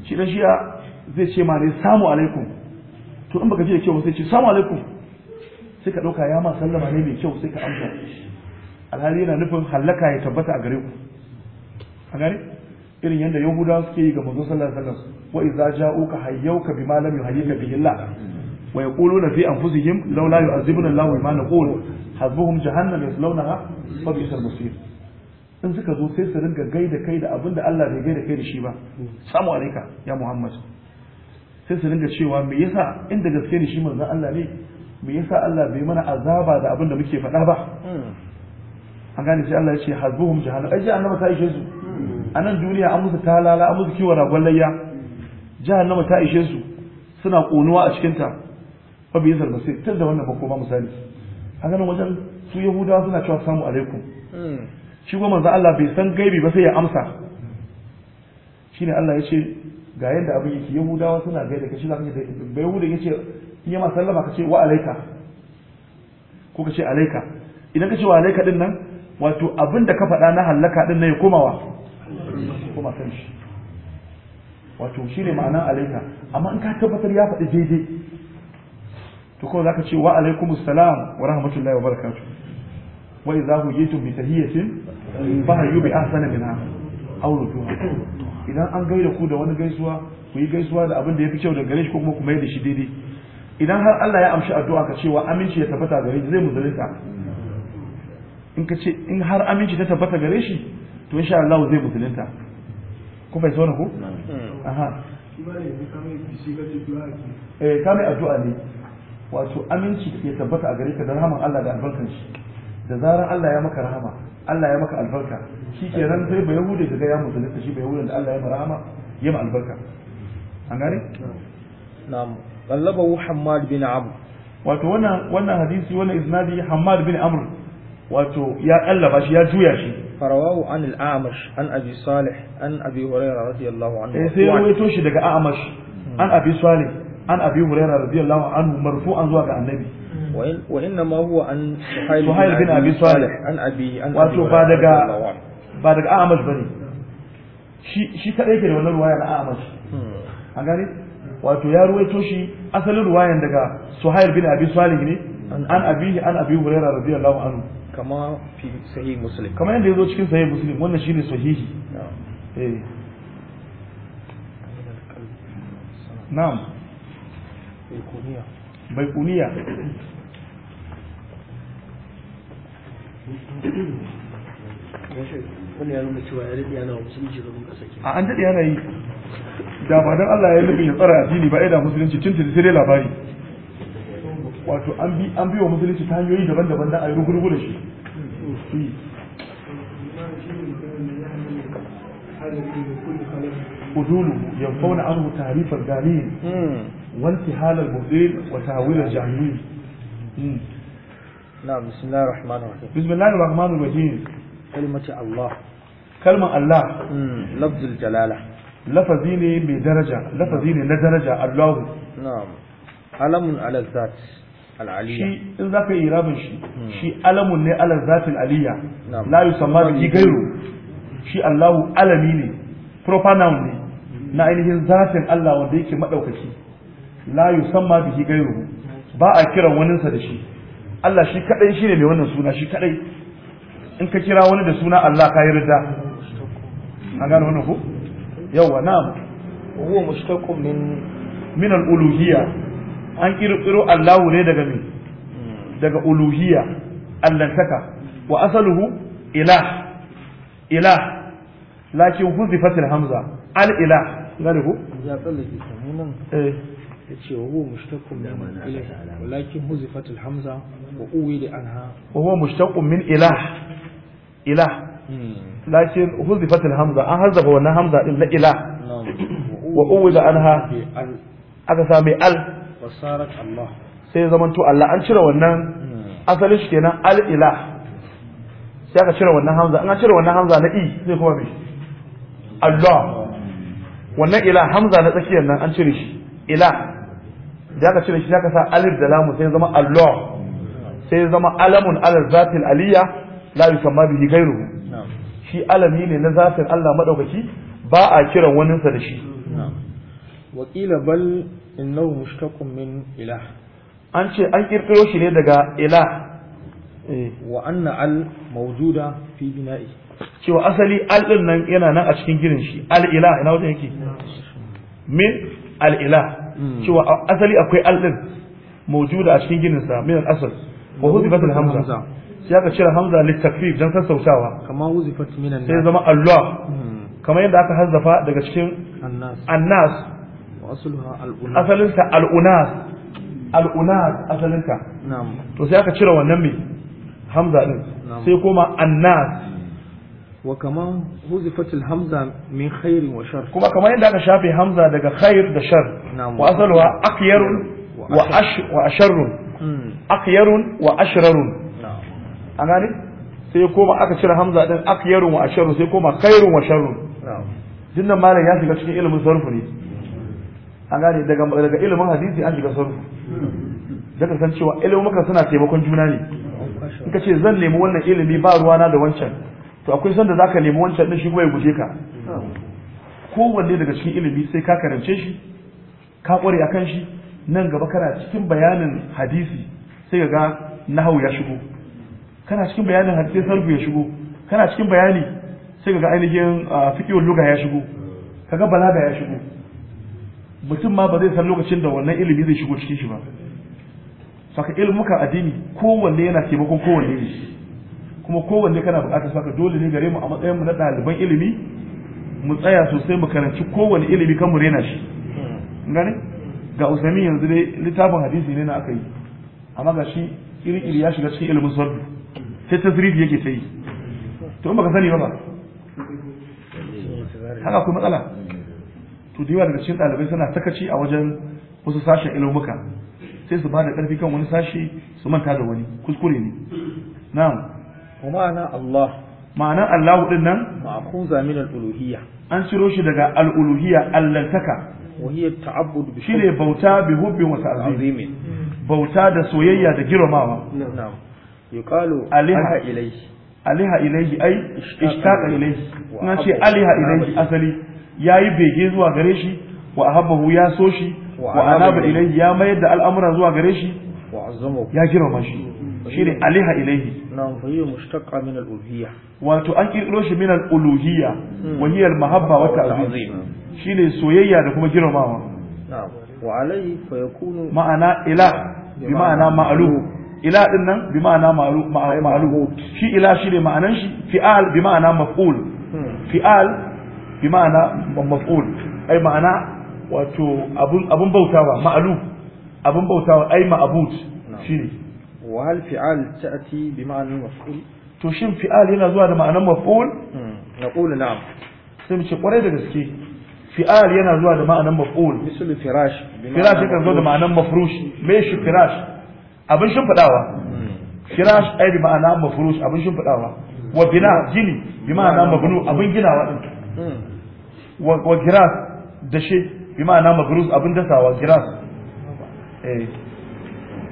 shi dan shiya zai ce ma ne samu alaikum to in baka ji da kyau sai ce samu alaikum suka ɗauka ya ma sallama ne mai kyau sai ka amsa alhali yana nufin hallaka ya tabbata a gare ku a gare irin yadda yahudawa suke yi ga manzo sallallahu alaihi wasallam wa idza ja'uka hayyuka bima lam yuhayyika bihi Allah wa yaquluna fi anfusihim law la yu'azibuna Allah bima naqulu hazbuhum jahannam yaslawnaha wa bi'sal masir in suka zo sai su ringa gaida kai da abinda Allah bai gaida kai da shi ba samu alaika ya Muhammad sai su ringa cewa me yasa inda gaske ne shi manzon Allah ne me yasa Allah bai mana azaba da abin da muke faɗa ba hmm. an gane sai Allah ya ce hazbuhum jahannam ai jahannama ta ishe su a nan duniya an musu talala an musu kiwon ragon layya jahannama ta ishe su suna konuwa a cikin ta fa bi yasal masir tunda wannan ba kuma misali an ganin wajen su yahudawa suna cewa samu alaikum hmm. shi kuma manzo Allah bai san gaibi ba sai ya amsa shine Allah ya ce ga yadda abin yake yahudawa suna gaida kashi zaka da bai yahuda yace in ma sallama ka ce wa alaika ko ka ce alaika idan ka ce wa alaika din nan wato abin da ka faɗa na hallaka din nan ya koma wa koma shi wato shi ne ma'anan alaika amma in ka tabbatar ya faɗi daidai to kawai ka ce wa alaikumus salam wa rahmatullahi wa barakatu wa idza hujitum bi tahiyatin fahayyu bi ahsana minha aw rutuha idan an gaida ku da wani gaisuwa ku yi gaisuwa da abin da yafi kyau da gare shi ko kuma ku mai da shi daidai idan har Allah ya amshi addu'a ka cewa aminci ya tabbata gare shi zai musulunta in ka ce in har aminci ta tabbata gare shi to insha Allah zai musulunta ku fahimta wannan ko aha eh kame addu'a ne wato aminci ya tabbata a gare ka da rahaman Allah da albarkan shi da zarar Allah ya maka rahama Allah ya maka albarka shi ke ran sai bai hude daga ga ya musulunta shi bai hude da Allah ya maka rahama ya ma albarka an gane na'am qallabahu hammad bin amr wato wannan wannan hadisi wannan isnadi hammad bin amr wato ya kallaba shi ya juya shi farawahu an al-amash an abi salih an abi hurairah radiyallahu anhu sai ruwaito shi daga amash an abi salih an abi hurairah radiyallahu anhu marfu'an zuwa ga annabi wa inna ma huwa an suhail bin abi salih an abi an wato ba daga ba daga amash bane shi shi kadai ke da wannan ruwaya na amash an gane wato ya ruwaito shi asalin ruwayan daga suhail bin abi salih ne an abihi an abi hurairah radiyallahu anhu kama fi sahih muslim kama yanda yazo cikin sahih muslim wannan shine sahihi na'am eh. bai kuniya. wani ya nuna cewa ya daɗe wa musulunci gaban ƙasa ke an daɗe yi da ba dan Allah ya nufin ya tsara addini ba da musulunci cin sai dai labari wato an bi an bi wa musulunci ta hanyoyi daban-daban dan a yi rugurgu da shi udulu yanfauna anhu ta'rif al-dalil hmm. wa intihal al-mubdil wa ta'wil al-jahil hmm. na bismillahir rahmanir rahim bismillahir rahmanir rahim kalimatu allah kalmar allah hmm, lafzul jalala lafazi ne mai daraja lafazi ne na daraja Allahu alamun ala zat al'aliya shi in ka yi rabin shi hmm. shi alamun ne ala zatil aliya la yusamma bi gairu shi Allahu alami ne proper ne na ainihin zafin Allah wanda yake madaukaki la yusamma bihi gairu ba a kiran waninsa da shi Allah shi kaɗai shi ne mai wannan suna shi kaɗai. in ka kira wani da suna Allah ka yi rida an gane wannan ko yawa na huwa mushtaqun min min al-uluhiyya an kirkiro Allah ne daga me daga uluhiyya Allah saka wa asaluhu ilah ilah lakin huzi fatil hamza al-ilah gane ko ya tsallake samunan eh yace wa huwa mushtaqun min ilah walakin huzi fatil hamza wa uwi li anha wa huwa mushtaqun min ilah ilah Hmm. lakin huzifat hamza an harzaba wannan hamza din na ila wa uwida anha aka sa mai al wasarat allah sai zamanto allah an cire wannan hmm. asalin shi kenan al ila sai aka cire wannan hamza an cire wannan hamza na i sai kuma me allah wannan ila hamza na tsakiyar nan an cire shi ila da aka cire shi aka sa alif da lamu sai zama allah sai zama alamun alal zatil aliyya la yusamma bihi ghayruhu shi alami ne na zafin Allah madaukaki ba a kiran waninsa da shi wakila bal innahu mushtaqun min ilah an ce an kirkiro shi ne daga ilah eh. wa anna al mawjuda fi bina'i cewa asali al din nan yana nan a cikin ginin shi al ilah ina wajen yake min al ilah hmm. cewa asali akwai al din mawjuda a cikin ginin sa min al asal wa hudifat al hamza sai aka cire hamza don sassautawa kamar wuzifat minan sai zama allah hmm. kamar yadda aka hazzafa daga cikin annas asalinta al'unas al'unas asalinta to sai aka cire wannan mai hamza din sai annas wa kamar hamza min khairin wa shar kuma kamar yadda aka shafe hamza daga khair da shar wa asaluha akyarun wa ash wa hmm. wa an gane sai ya koma aka cire hamza din akyarun wa asharu sai koma khairun wa sharrun dinnan malam ya shiga cikin ilimin sarfu ne an gane daga daga ilimin hadisi an shiga sarfu daga san cewa ilimuka suna taimakon juna ne in ka ce zan nemi wannan ilimi ba ruwana da wancan to akwai sanda zaka nemi wancan din shi kuma ya guje ka kowanne daga cikin ilimi sai ka karance shi ka kware akan shi nan gaba kana cikin bayanin hadisi sai ga nahau ya shigo kana cikin bayanin hadisai sarfu ya shigo kana cikin bayani sai kaga ainihin ah, fikiyon luga ya shigo kaga balaga ya shigo mutum ma ba zai san lokacin da wannan ilimi zai shigo cikin shi ba saka ilmuka addini kowanne yana taimakon kowanne ne kuma kowanne kana buƙatar saka dole ne gare mu a matsayin mu na ɗaliban ilimi mu tsaya sosai mu karanci kowanne ilimi kan mu rena shi gane ga usami yanzu dai littafin hadisi ne na aka yi amma ga shi iri-iri ya shiga cikin ilimin sardu sai tasrifi yake sai to baka sani ba ba haka akwai matsala to da yawa daga cikin ɗalibai suna takaci a wajen wasu sashen ilmuka sai su ba da ƙarfi kan wani sashe su manta da wani kuskure ne na'am wa ma'ana Allah ma'ana Allah din nan ma'khuza min al-uluhiyya an ciro shi daga al-uluhiyya allantaka wa hiya ta'abbud bi ne bauta bi hubbi wa ta'zim bauta da soyayya da girmamawa na'am yuqalu aliha ilayhi aliha ilayhi ai ishtaqa ilayhi na ce aliha ilayhi asali yayi bege zuwa gare shi wa ahabbahu ya so shi wa anaba ilayhi ya mayar da al'amura zuwa gare shi wa azzamu ya girma shi shine aliha ilayhi nan fa yi mushtaqa min al-uluhiyya wato an kirkiro shi min al-uluhiyya hmm. wa hiya al-mahabba wa ta'zim shine soyayya da kuma jiramawa. na'am wa alayhi fa yakunu ma'ana ila bi ma'ana ma'luh ila din nan bi ma'ana ma'alu shi ila shi ne ma'anan shi fi'al bi ma'ana maf'ul hmm. fi'al bi ma'ana maf'ul ai ma'ana wato abun abun bautawa ma'alu abun bautawa ai ma'bud ma'abud shine wa hal fi'al ta'ti bi ma'ana maf'ul to shin fi'al yana zuwa da ma'anan maf'ul hmm. naqulu na'am sai mu ce kwarai da gaske fi'al yana zuwa da ma'anan maf'ul misali firash firash yana zuwa da ma'anan mafrush me shi firash abin shimfidawa firash ai bi ma'ana mafrush abin shimfidawa wa bina gini bi ma'ana mabnu abin ginawa din wa giras shi bi ma'ana mabrus abin dasawa giras eh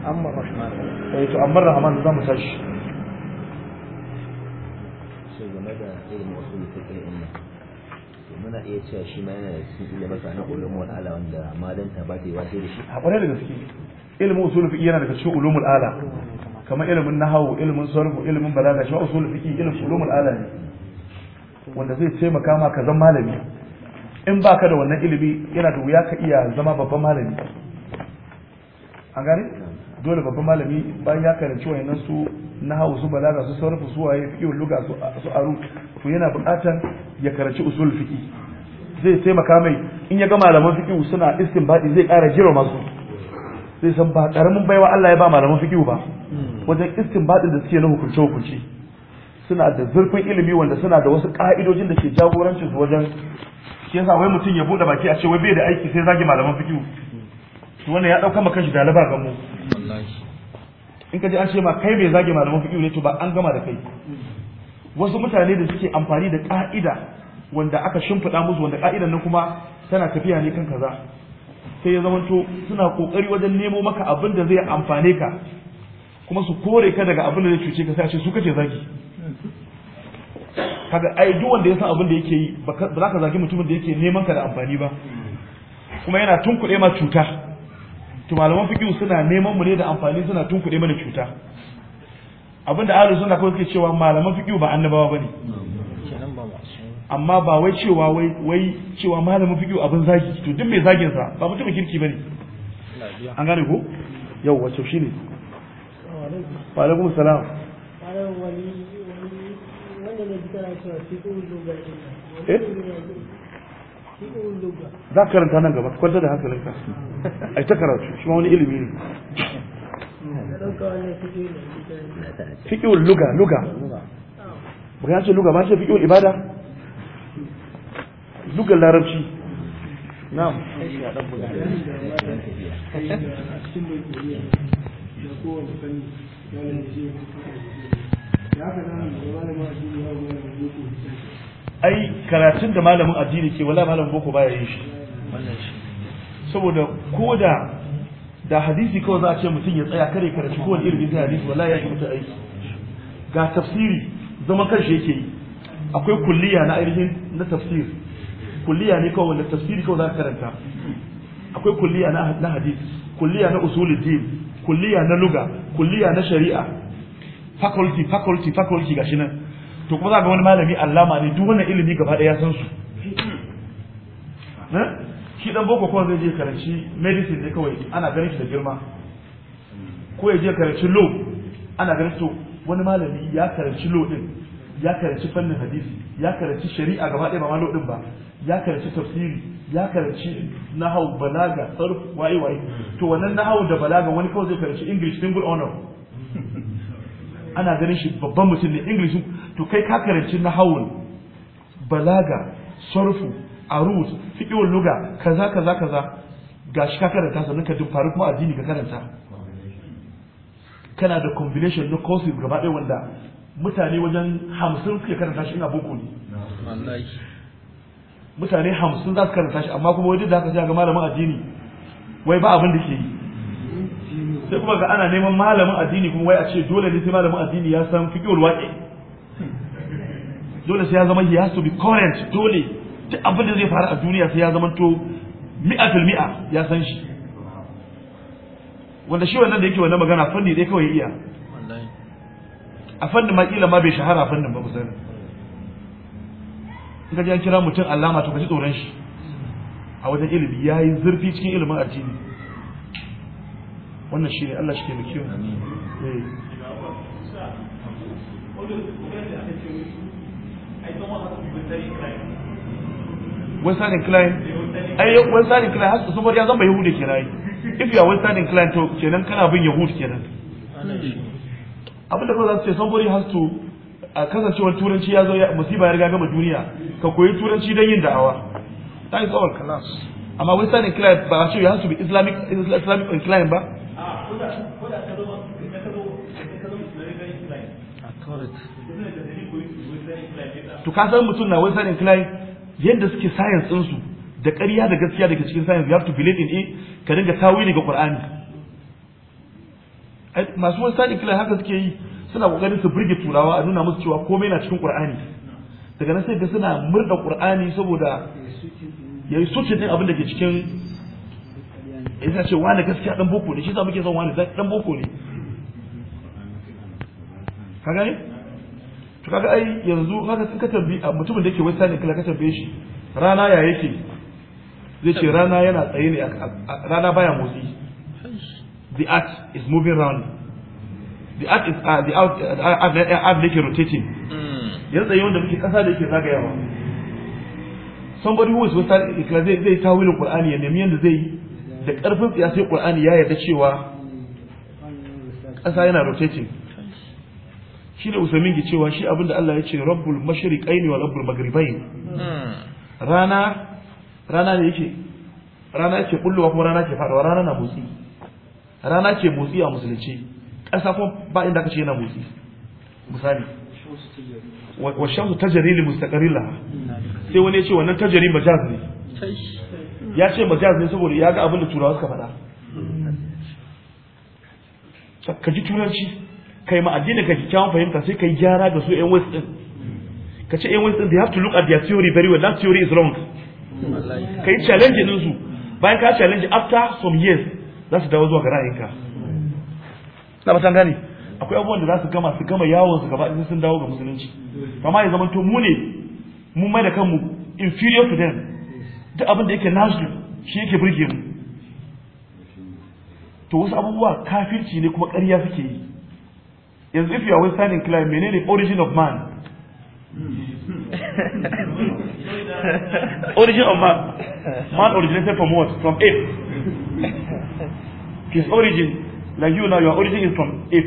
amma rahman eh to amma rahman zamu sashi sai game da irin wasu fikirin to muna iya cewa shi ma yana da cikin ilimin sa na ulumul ala wanda malanta ba ta yi wasu da shi a kwarai da gaske ilimin usul fiqh yana daga cikin ulumul ala kamar ilimin nahawu ilimin sarfu ilimin balaga shi usul fiqh ilimin ulumul ala ne wanda zai taimaka ma ka zama malami in baka da wannan ilimi yana da wuya ka iya zama babban malami an gane dole babban malami bayan ya karanci wayannan su nahawu su balaga su sarfu su waye fiqh luga su aru to yana buƙatar ya karanci usul fiqh zai taimaka mai in ya ga malaman fiƙi suna istinbadi zai ƙara jira masu sai san ba karamin baiwa Allah ya ba malaman fikihu ba hmm. wajen istinbadin da suke na hukunce hukunci suna da zurfin ilimi wanda suna da wasu ka'idojin da ke jagorancin su wajen shi yasa wai mutum ya bude baki a ce wai bai da aiki sai zage malaman fikihu to wannan ya dauka maka shi dalaba ga mu in ka ji an ce ma kai bai zage malaman fikihu ne to ba an gama da kai hmm. wasu mutane da suke amfani da ka'ida wanda aka shimfiɗa musu wanda ka'idan nan kuma tana tafiya ne kan kaza sai ya zamanto suna kokari wajen nemo maka abin da zai amfane ka kuma su kore ka daga abin da zai cuce ka sai a ce su kace zagi kaga ai duk wanda ya san abin da yake yi ba za ka zagi mutumin da yake neman ka da amfani ba kuma yana tunkuɗe ma cuta to malaman fiqh suna neman mu ne da amfani suna tunkuɗe mana cuta abinda ahlus sunna kawai suke cewa malaman fiqh ba annabawa bane amma ba wai cewa wai wai cewa malamin fiqh abin zagi to duk mai zagin sa ba mutum kirki bane an gane ko yau wato shine wa alaikum salam eh? za ka karanta nan gaba kwanta da hankalinka a ta karatu shi ma wani ilimi ne fiƙiwul luga luga ba ya ce luga ba ce fiƙiwul ibada lugar larabci na'am ai karatun da malamin addini ke wala malamin boko baya yin shi saboda ko da hadisi kawai za a ce mutum ya tsaya kare karatu kowane irin bisa hadisi wala ya yi mutu aiki ga tafsiri zama kan shi yake yi akwai kulliya na ainihin na tafsiri kulliya ne kawai wanda tafsiri kawai za ka karanta akwai kulliya na hadith kulliya na din kulliya na luga kulliya na shari'a faculty faculty faculty gashi nan to kuma za ga wani malami allama ne duk wannan ilimi gaba daya san su eh? shi dan boko kuma zai je karanci medicine ne kawai ana ganin shi da girma ko ya je karanci law ana ganin to wani malami ya karanci law din ya karanci fannin hadisi ya karanci shari'a gaba ɗaya ba ma lodin ba ya karanci tafsiri ya karanci nahau balaga sarf waye waye to wannan nahau da balaga wani kawai zai karanci english single honor ana ganin shi babban mutum ne english to kai ka karanci nahau balaga sarfu arus fiqhul luga kaza kaza kaza gashi ka karanta sannan ka faru kuma addini ka karanta kana da combination na courses gaba ɗaya wanda mutane wajen hamsin suke karanta shi ina boko ne mutane hamsin za su karanta shi amma kuma wajen da haka sai ga malamin addini wai ba abin da ke yi sai kuma ga ana neman malamin addini kuma wai a ce dole ne sai malamin addini ya san fiqhul waƙe. dole sai ya zama he has to be current dole duk abin da zai faru a duniya sai ya zama to mi'a mi'a ya san shi wanda shi wannan da yake wannan magana fanni dai kawai iya a fannin ma ma bai shahara a fannin ba ku sani in kaji an kira mutum allama to ka ji tsoron shi a wajen ilimi ya yi zurfi cikin ilimin addini wannan shi ne Allah shi ke mai kiyon sanin incline ai sanin incline har su ya zama yahuda kenan if you are sanin incline to kenan kana bin yahudu kenan abinda kuma za su ce somebody has to kasancewar turanci ya zo musiba ya riga gama duniya ka koyi turanci don yin da'awa that is all kalas amma western incline ba a ce ya hasu bi islamic islamic incline ba to ka san mutum na wani western incline yadda suke science ɗinsu da ƙarya da gaskiya daga cikin science you have to believe in it ka dinga tawili ga qur'ani masu wani sani kila haka suke yi suna kokarin su burge turawa a nuna musu cewa komai na cikin qur'ani daga nan sai ga suna murda qur'ani saboda yayi sukin din abin da ke cikin yasa ce wani gaskiya dan boko ne shi yasa muke son wani dan boko ne ka gani? to kaga ai yanzu haka sun ka tambayi mutumin da yake wai sani kila ka tambaye shi rana ya yake zai ce rana yana tsaye ne rana baya motsi the earth is moving round the earth is uh, the earth uh, earth yake rotating hmm. yanzu tsaye wanda muke kasa da yake zagayawa somebody who is western ikla zai zai tawilin qur'ani ya nemi yanda zai da karfin ya sai qur'ani ya yarda cewa kasa yana rotating shi da usamin ki cewa shi abinda Allah ya ce rabbul mashriqain wa rabbul maghribain hmm. rana rana ne yake rana yake kullu kuma rana ke fadawa rana na motsi rana ke motsi a musulunci ƙasa kuma ba inda aka ce yana motsi misali wa shamsu tajri li mustaqarrila sai wani ya ce wannan tajari majaz ne ya ce majaz ne saboda ya ga abin da turawa suka faɗa ka ji turanci kai ma addini ka kyawun fahimta sai ka yi gyara da su yan west din ka ce yan west din they have to look at their theory very well that theory is wrong ka yi challenge din su bayan ka challenge after some years za su dawo zuwa ga ra'ayinka na ba gane akwai abubuwan da za su gama su gama yawon su gaba sun dawo ga musulunci amma ya zama to mu ne mun mai da kanmu inferior to them duk abin da yake nasu shi yake burge mu to wasu abubuwa kafirci ne kuma ƙarya suke yi yanzu if you are standing climb menene origin of man origin of man man originated from what from ape his origin, like you now, your origin is from if.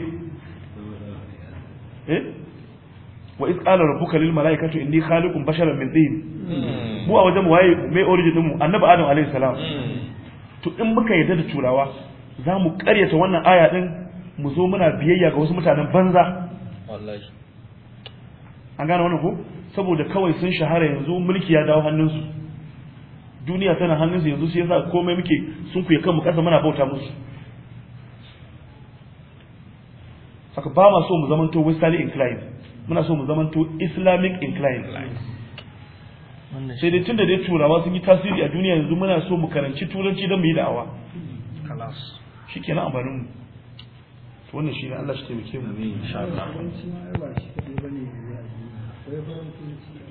Eh? وإذ قال ربك للملائكة إني خالق بشرا من طين mu a wajen waye mai origin mu annabi adam salam to in muka yarda da turawa za mu karyata wannan aya din mu zo muna biyayya ga wasu mutanen banza an gane wannan ko saboda kawai sun shahara yanzu mulki ya dawo su duniya tana su yanzu sai yasa komai muke sun kuye kanmu kasa muna bauta musu haka ba ma so mu zamanto westerly inclined muna so mu zamanto islamic inclined sai dai da dai turawa sun yi tasiri a duniya yanzu muna so mu karanci turanci don mu yi da'awa shi kenan amfanin mu to wannan shi ne Allah shi taimake mu insha Allah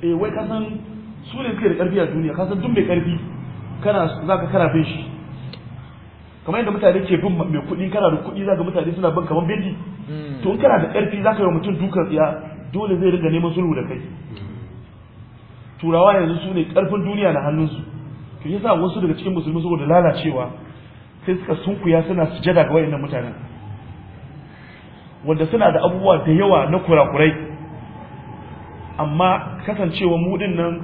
eh wai ka san su ne da karfi a duniya ka san duk mai karfi kana zaka kara bin shi kamar yadda mutane ke bin mai kuɗi kana da kuɗi zaka mutane suna bin kamar bendi Mm. to in kana da karfi zaka yi mutum dukan tsiya dole zai riga neman sulhu da kai turawa yanzu su ne karfin duniya na hannunsu to yasa wasu daga cikin musulmi saboda lalacewa sai suka sunkuya suna sujada ga wayannan mutanen wanda suna da abubuwa da yawa na kurakurai amma kasancewa mu din nan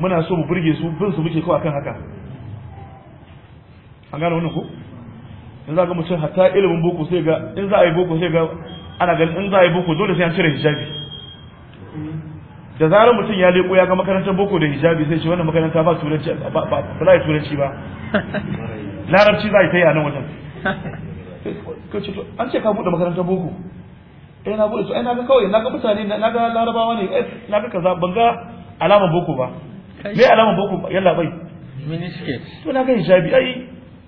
muna so mu burge su bin su muke kawai akan haka an gane wannan ko in za ga mutum hatta ilimin boko sai ga in za a yi boko sai ga ana ganin in za a yi boko dole sai an cire hijabi da zarar mutum ya leko ya ga makarantar boko da hijabi sai ce wannan makaranta ba turanci ba ba za yi turanci ba larabci za a yi ta yi a nan wajen an ce ka buɗe makarantar boko ai eh, na buɗe to ai ga kawai ga mutane ga larabawa ne eh, na ga kaza ban ga alamar boko ba me alamar boko yalla bai miniskirt to ga hijabi ai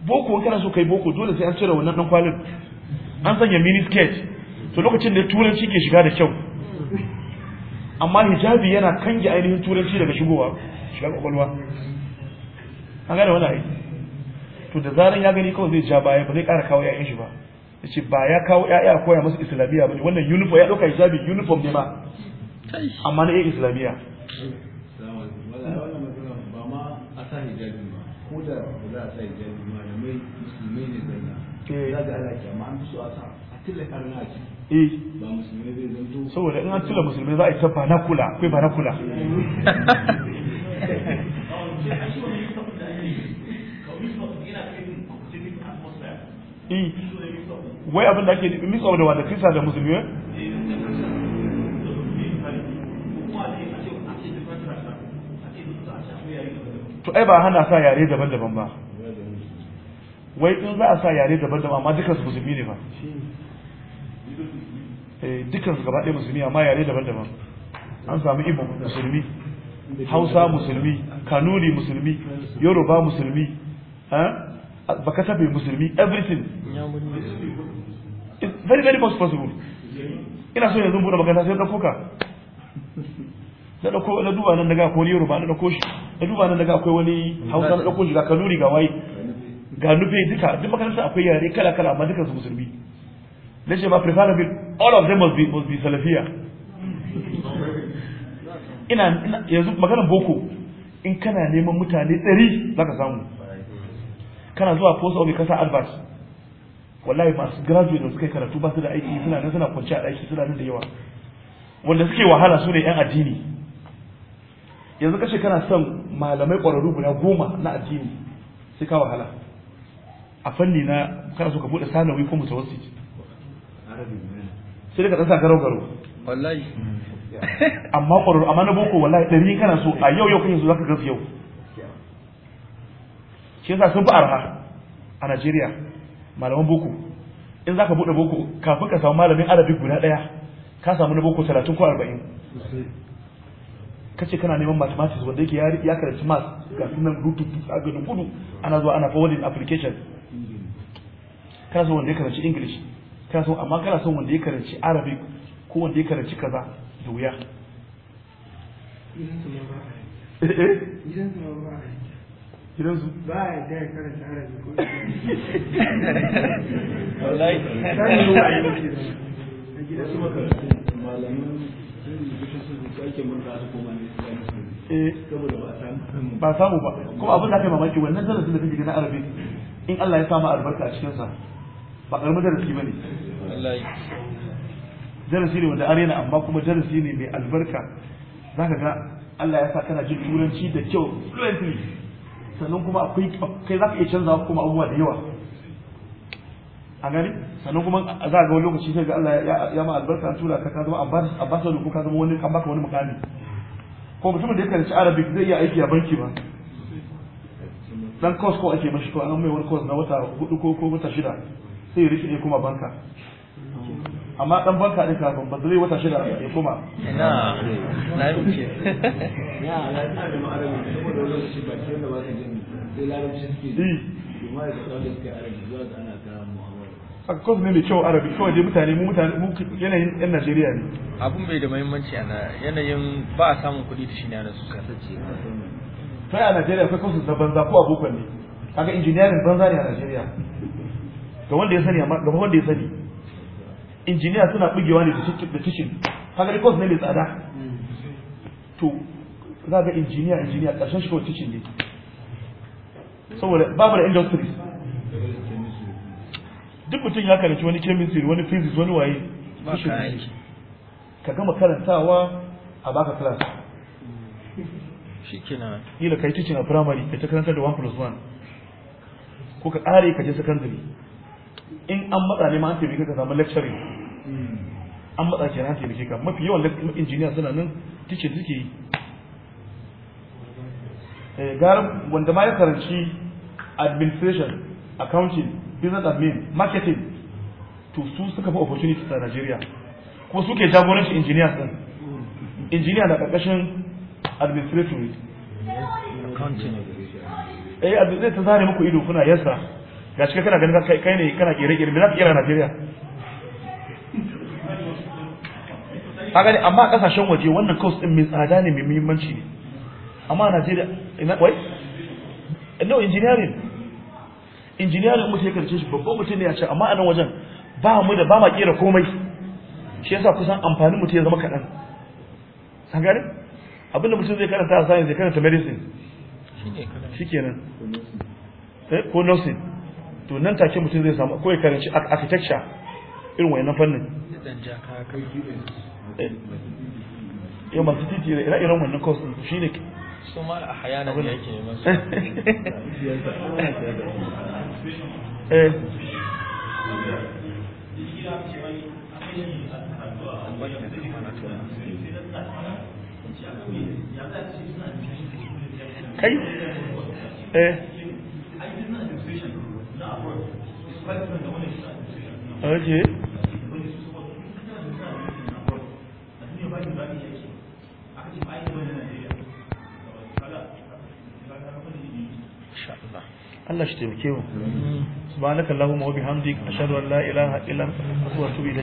boko kana so kai boko dole sai an cire wannan dan kwalin an sanya mini skirt to lokacin da turanci ke shiga da kyau amma hijabi yana kange ainihin turanci daga shigowa shiga kwakwalwa an gane wani aiki to da zaran ya gani kawai zai ja baya ba zai ƙara kawo ya'yan shi ba ya ce ba ya kawo ya'ya koya masu islamiyya ba wannan uniform ya ɗauka hijabi uniform ne ma amma na iya islamiyya ko da ba za a sa hijabi musulmai musulmai ne eh. za ga amma an fi so a sa a tillaka a ciki eh. ba musulmai zai zanto saboda in an tilla musulmai za a yi ta bana kula kula wai abin da ake misa da wata kisa da musulmi eh? to ai ba hana sa yare daban-daban ba wai in za a sa yare daban-daban amma dukkan su musulmi ne ba eh, dukkan su gaba musulmi amma yare daban-daban an samu ibo musulmi hausa musulmi kanuri musulmi yoruba musulmi eh, tabi musulmi everything it's very very much possible ina so yanzu buɗe makata sai ɗauko na ɗauko na duba nan daga akwai yoruba na ɗauko shi na duba nan daga akwai wani hausa na ɗauko shi ga kanuri ga waye ga nufe duka duk makarantar akwai yare kala kala amma duka su musulmi na ce ma preferably all of them must be must be salafiya ina yanzu maganar boko in kana neman mutane ɗari za ka samu kana zuwa post office kasa advert wallahi masu graduate da suka yi karatu ba su da aiki suna nan suna kwanci a aiki suna nan da yawa wanda suke wahala su ne yan addini yanzu kashe kana son malamai ƙwararru guda goma na addini sai ka wahala a fanni na kana so ka bude sanawi ko mutawassi sai daga tsaka garau karo wallahi amma ƙwararru amma na boko wallahi ɗari kana so a yau yau kun yanzu zaka gafi yau shi yasa sun fi arha a Najeriya malaman boko in zaka bude boko kafin ka samu malamin arabi guda daya ka samu na boko 30 ko 40 kace kana neman mathematics wanda yake ya karanci math ga sunan rututu a gudu ana zuwa ana forwarding application Kana son wanda ya karanci english kana amma kana son wanda ya karanci arabic ko wanda ya karanci kaza da wuya gidansu eh, eh? ba a yadda ya karanta arabi ko arabi ba samu ba kuma abin da aka yi mamaki wannan darasin da kake gina arabi in Allah ya samu albarka a cikinsa ba karamin darasi ba ne darasi ne wanda arena amma kuma darasi ne mai albarka za ka ga Allah ya sa kana jin turanci da kyau fluently sannan kuma akwai kai za ka iya canza kuma abubuwa da yawa a gani sannan kuma za ka ga wani lokaci sai ga Allah ya ma albarka an tura ka ka zama ambassador ko ka zama wani an baka wani mukami ko mutumin da ya karanci arabic zai iya aiki a banki ba dan course ko ake mashi ko an mai wani course na wata hudu ko wata shida sai ne kuma banka amma dan banka din kafin ba zai wata shida ya kuma na na yuke ya alaka da ma'arabi da wani shi ba ke da ba ta jini sai larabci suke yi kuma da tsawon da suke arabi zuwa ga ana ta mu'amala a kwas ne mai kyau arabi kawai dai mutane mu mutane mu yanayin yan najeriya ne abun bai da muhimmanci ana yanayin ba a samun kuɗi da shi ne ana su kasance kai a najeriya kai kwas da banza ko abokan ne kaga injiniyarin banza ne a najeriya ga wanda ya sani amma ga wanda ya sani injiniya suna bugewa ne da tushin kaga course ne mai tsada to za ga injiniya injiniya karshen shi kawai tushin ne saboda babu da industry duk mutum ya karanci wani chemistry wani physics wani waye ka gama karantawa a baka class shikenan kila kai tushin a primary ka ta karanta da 1 plus 1 ko ka kare ka je secondary in an matsa ne ma an taimake ka samu lecturing an matsa ke an taimake ka mafi yawan injiniya suna nan tice suke yi eh, gara wanda ma ya karanci administration accounting business admin marketing to su suka fi opportunities a Najeriya ko suke jagoranci injiniya din injiniya na karkashin administrative accounting eh zai ta zare muku ido kuna yasa ga cika kana ganin kai ne kana kere kere me za ka kera Najeriya ka gani amma kasashen waje wannan course din mai tsada ne mai muhimmanci ne amma Najeriya ina wai no engineering engineering mutum ya karce shi babban mutum ne ya ce amma a nan wajen ba mu da ba ma kera komai shi yasa kusan amfanin mutum ya zama kaɗan san abinda mutum zai karanta a science zai karanta medicine shi kenan eh, ko nursing to nan take mutum zai samu ko karanci architecture irin na fannin eh, yau masu titi da ire-iren wannan shi ne ke su ma a hayanan yake masu eh. kai eh okay Allah shi taimake mu subhanakallahumma wa bihamdik ashhadu an la ilaha illa anta astaghfiruka wa atubu